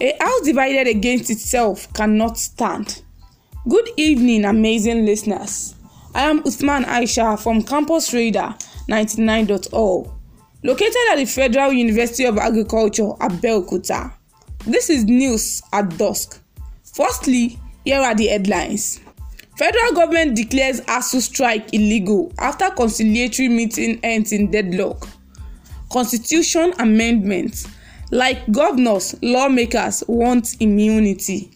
A house divided against itself cannot stand. Good evening, amazing listeners. I am Uthman Aisha from Campus Radar 99.0, located at the Federal University of Agriculture, Abeokuta. This is news at dusk. Firstly, here are the headlines. Federal government declares ASU strike illegal after conciliatory meeting ends in deadlock. Constitution amendments Like governors, lawmakers want immunity.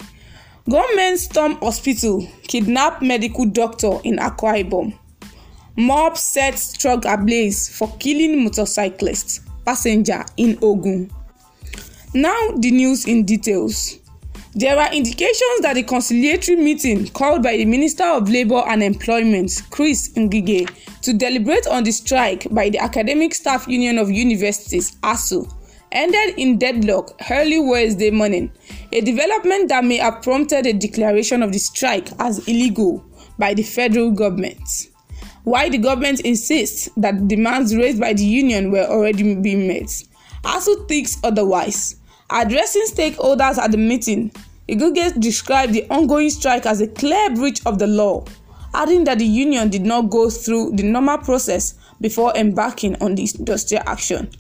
Gunmen storm hospital, kidnap medical doctor in Akwa Ibom. Mob sets truck ablaze for killing motorcyclist passenger in Ogun. Now the news in details. There are indications that the conciliatory meeting called by the Minister of Labour and Employment, Chris Ngige, to deliberate on the strike by the Academic Staff Union of Universities, ASU, ended in deadlock early Wednesday morning, a development that may have prompted a declaration of the strike as illegal by the federal government. While the government insists that demands raised by the union were already being met, ASU thinks otherwise. Addressing stakeholders at the meeting, Igugate described the ongoing strike as a clear breach of the law, adding that the union did not go through the normal process before embarking on the industrial action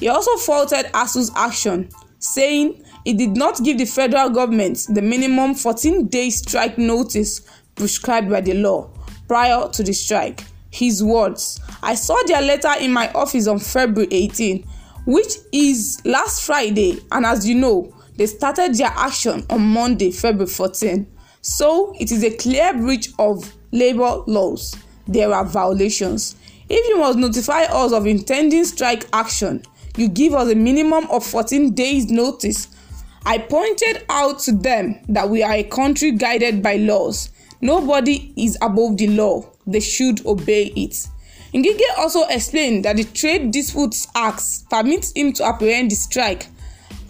He also faulted Asu's action, saying it did not give the federal government the minimum 14-day strike notice prescribed by the law prior to the strike. His words, I saw their letter in my office on February 18, which is last Friday, and as you know, they started their action on Monday, February 14. So it is a clear breach of labor laws. There are violations. If you must notify us of intending strike action, you give us a minimum of 14 days' notice. I pointed out to them that we are a country guided by laws. Nobody is above the law, they should obey it. Ngige also explained that the Trade Disputes Act permits him to apprehend the strike,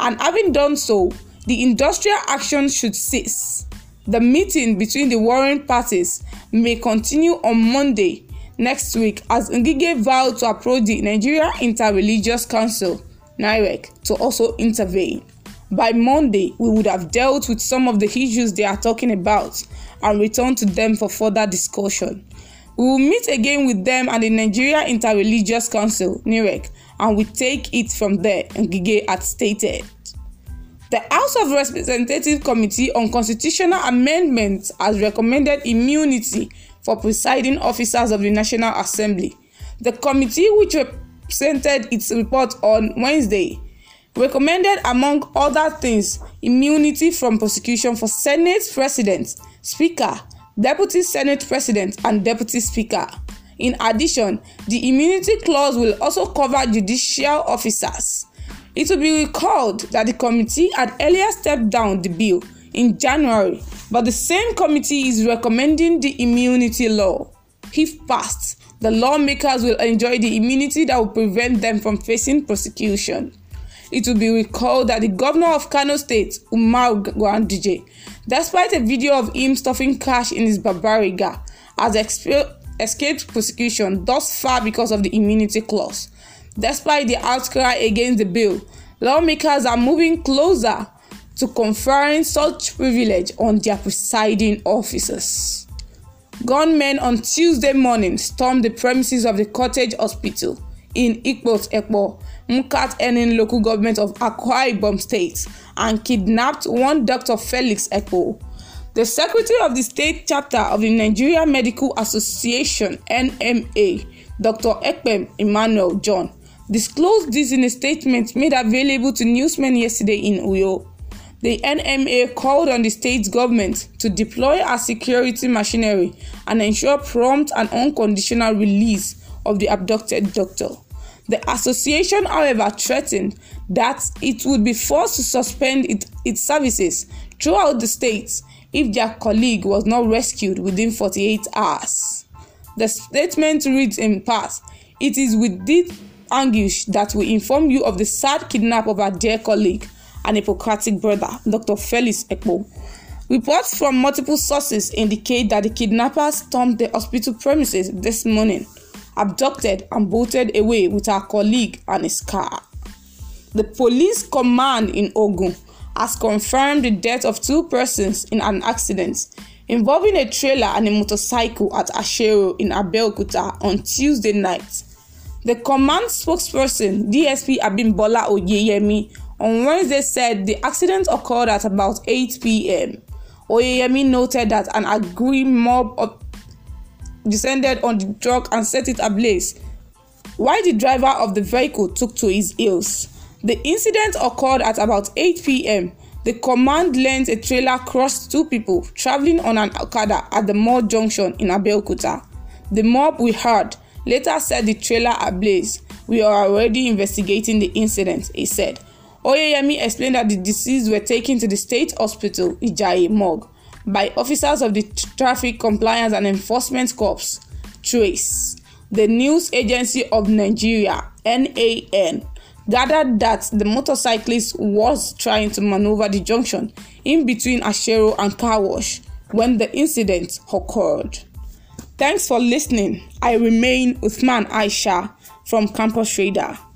and having done so, the industrial action should cease. The meeting between the warring parties may continue on Monday, next week as Ngige vowed to approach the Nigeria Interreligious Council (NIREC) to also intervene. By Monday, we would have dealt with some of the issues they are talking about and returned to them for further discussion. We will meet again with them and the Nigeria Interreligious Council (NIREC) and we take it from there, Ngige had stated. The House of Representatives Committee on Constitutional Amendments has recommended immunity for presiding officers of the National Assembly. The committee, which presented its report on Wednesday, recommended, among other things, immunity from prosecution for Senate President, Speaker, Deputy Senate President, and Deputy Speaker. In addition, the immunity clause will also cover judicial officers. It will be recalled that the committee had earlier stepped down the bill in January, but the same committee is recommending the immunity law. If passed, the lawmakers will enjoy the immunity that will prevent them from facing prosecution. It will be recalled that the governor of Kano State, Umar Gwandije, despite a video of him stuffing cash in his barbariga, has exp- escaped prosecution thus far because of the immunity clause. Despite the outcry against the bill, lawmakers are moving closer to conferring such privilege on their presiding officers. Gunmen on Tuesday morning stormed the premises of the cottage hospital in Ikpot Ekpo, Mukat Enin local government of Akwa Ibom State, and kidnapped one Dr. Felix Ekpo. The secretary of the state chapter of the Nigeria Medical Association (NMA), Dr. Ekpem Emmanuel John, disclosed this in a statement made available to newsmen yesterday in Uyo. The NMA called on the state government to deploy our security machinery and ensure prompt and unconditional release of the abducted doctor. The association, however, threatened that it would be forced to suspend it, its services throughout the state if their colleague was not rescued within 48 hours. The statement reads in part It is with deep anguish that we inform you of the sad kidnapping of our dear colleague and Hippocratic brother, Dr. Felix Ekpo. Reports from multiple sources indicate that the kidnappers stormed the hospital premises this morning, abducted and bolted away with our colleague and his car. The police command in Ogun has confirmed the death of two persons in an accident involving a trailer and a motorcycle at Ashero in Abeokuta on Tuesday night. The command spokesperson, DSP Abimbola Oyeyemi, on Wednesday said the accident occurred at about 8 p.m. Oyeyemi noted that an angry mob descended on the truck and set it ablaze, while the driver of the vehicle took to his heels. The incident occurred at about 8 p.m. The command lent a trailer crushed two people traveling on an Okada at the mall junction in Abeokuta. The mob we heard later set the trailer ablaze. We are already investigating the incident, he said. Oyeyemi explained that the deceased were taken to the state hospital Ijai morgue by officers of the Traffic Compliance and Enforcement Corps (TRACE). The News Agency of Nigeria (NAN) gathered that the motorcyclist was trying to maneuver the junction in between Ashero and Carwash when the incident occurred. Thanks for listening. I remain Uthman Aisha from Campus Radar.